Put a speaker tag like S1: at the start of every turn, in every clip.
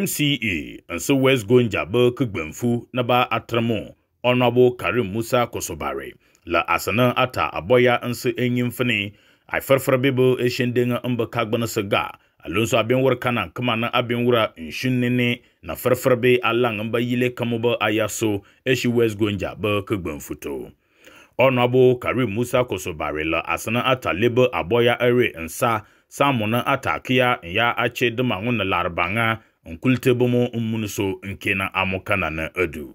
S1: mce nso west gonja bɛ naba na ba karim musa kosobare la asana ata abɔya nso enyim fini aifɛrfɛr bi bɛ ehyɛn denga mbɛ kagbɛn se ga alo nso kana kama na abɛnwura nsun nene na fɛrfɛr bi alan mbɛ yile kamo bɛ aya so ehyi west gonja bɛ kegbemfu Karim Musa Kosobare la asana ata lebe aboya ere nsa ata atakia ya ache dema ngune larbanga nkwulite bomo nke na amuka na na edu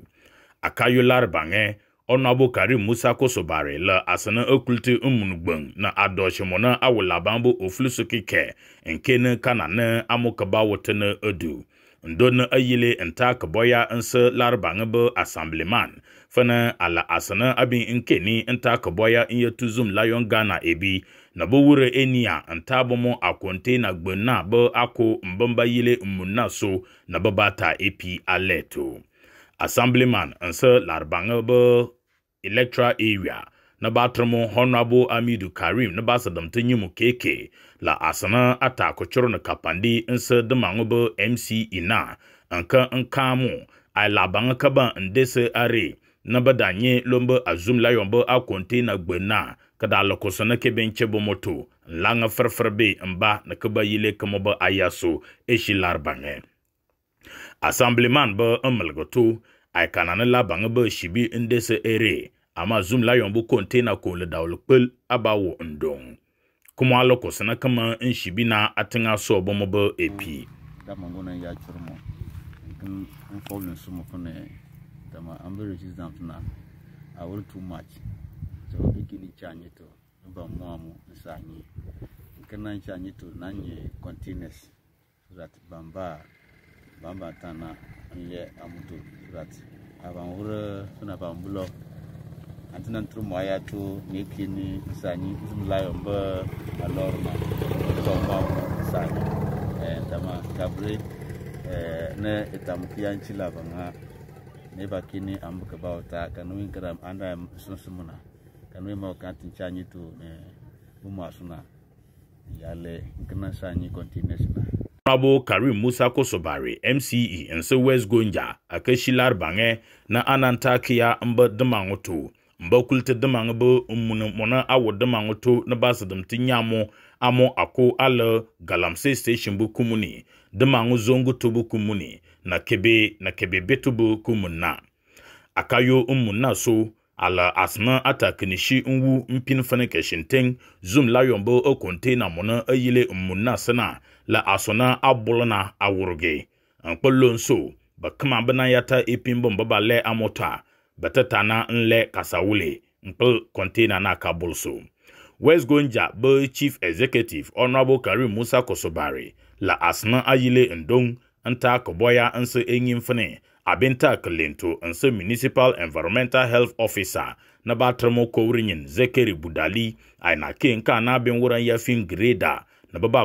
S1: akayolar bange ọnụabụ karim musa kwụsụbari la asana okwulite gbọm na adochimona awulabambo ofulusu kike nke na kana na amukaba edu ndonne eyile nta keboya nse larbaŋa be assembleman fene ala asene abin nkeni nta keboya nye tuzum layon gana ebi na e e bo wure enia nta bomo akonte na gbena be ako mbamba yile mmunna so na babata epi aleto assembleman nse larbaŋa be electoral area na batramo honorable amidu karim na basa damtan yi mu keke la asana ata kuchuru na kapandi insa dama ngubo mc ina anka nkamu ay labanga kaba ndese are na badanye lombo azum la yombo akonte na gbena kada lokoso na keben chebo moto langa farfarbe mba na kaba yile kamoba ayaso eshi larbange assemblyman ba amalgoto ay kanana labanga ba shibi ndese ere amma zum la yɔmbu kontena ko li dawli kpil a ba wuɣi n dɔŋ kuma lokaci na kama n shi bi na a tiŋa sɔɔ bɔmɔ bi epi. dama
S2: gona ya curi mu n kɔbili su mu fana dama an bi resistance na a wuri too much so bi kini ca n yi to n ba mu amu n sa nyi n kana n ca n yi to na n nye continuous so that ban ba ban ba tan na n lɛ amuto so that a ban wuri fana ban bulɔ. ya tu nekini sani layon ba alorma soma sani dama eh, eh, ne na itamkiyanci laban ha ne ba kini an buka ba wata kanuyin kada an da sun sumuna kanuyin mawakantin canyi to eh, yale nkana sani continuous na
S1: Honorable Karim Musa Kosobari, MCE, and so West Gonja, Akeshi Larbange, na Anantakia Mba Dumangoto, mba kulti dimaŋ bi n muni awo dimaŋ to ni basi dim ti nyamo amo ako ala galamse station bi kumuni dimaŋ zongu to kumuni na kebe na kebe betu bi kumunna akayo n so ala asna ata kinishi nwu mpin fani keshinteng zum la yombo o e container mona eyile sana la asona abulana awurge nkpollo nso bakama bana yata ipin e bomba le amota bata nle nlɛ kasawule nkpil container na aka bulso west gonja bụ chief executive honorable karim musa kosobari la asna ayile ndong nta koboya nso enyi mfini abinta kilinto nso municipal environmental health officer na batramo kowrinyin zekeri budali aina ke na abin wuran yafin greda na baba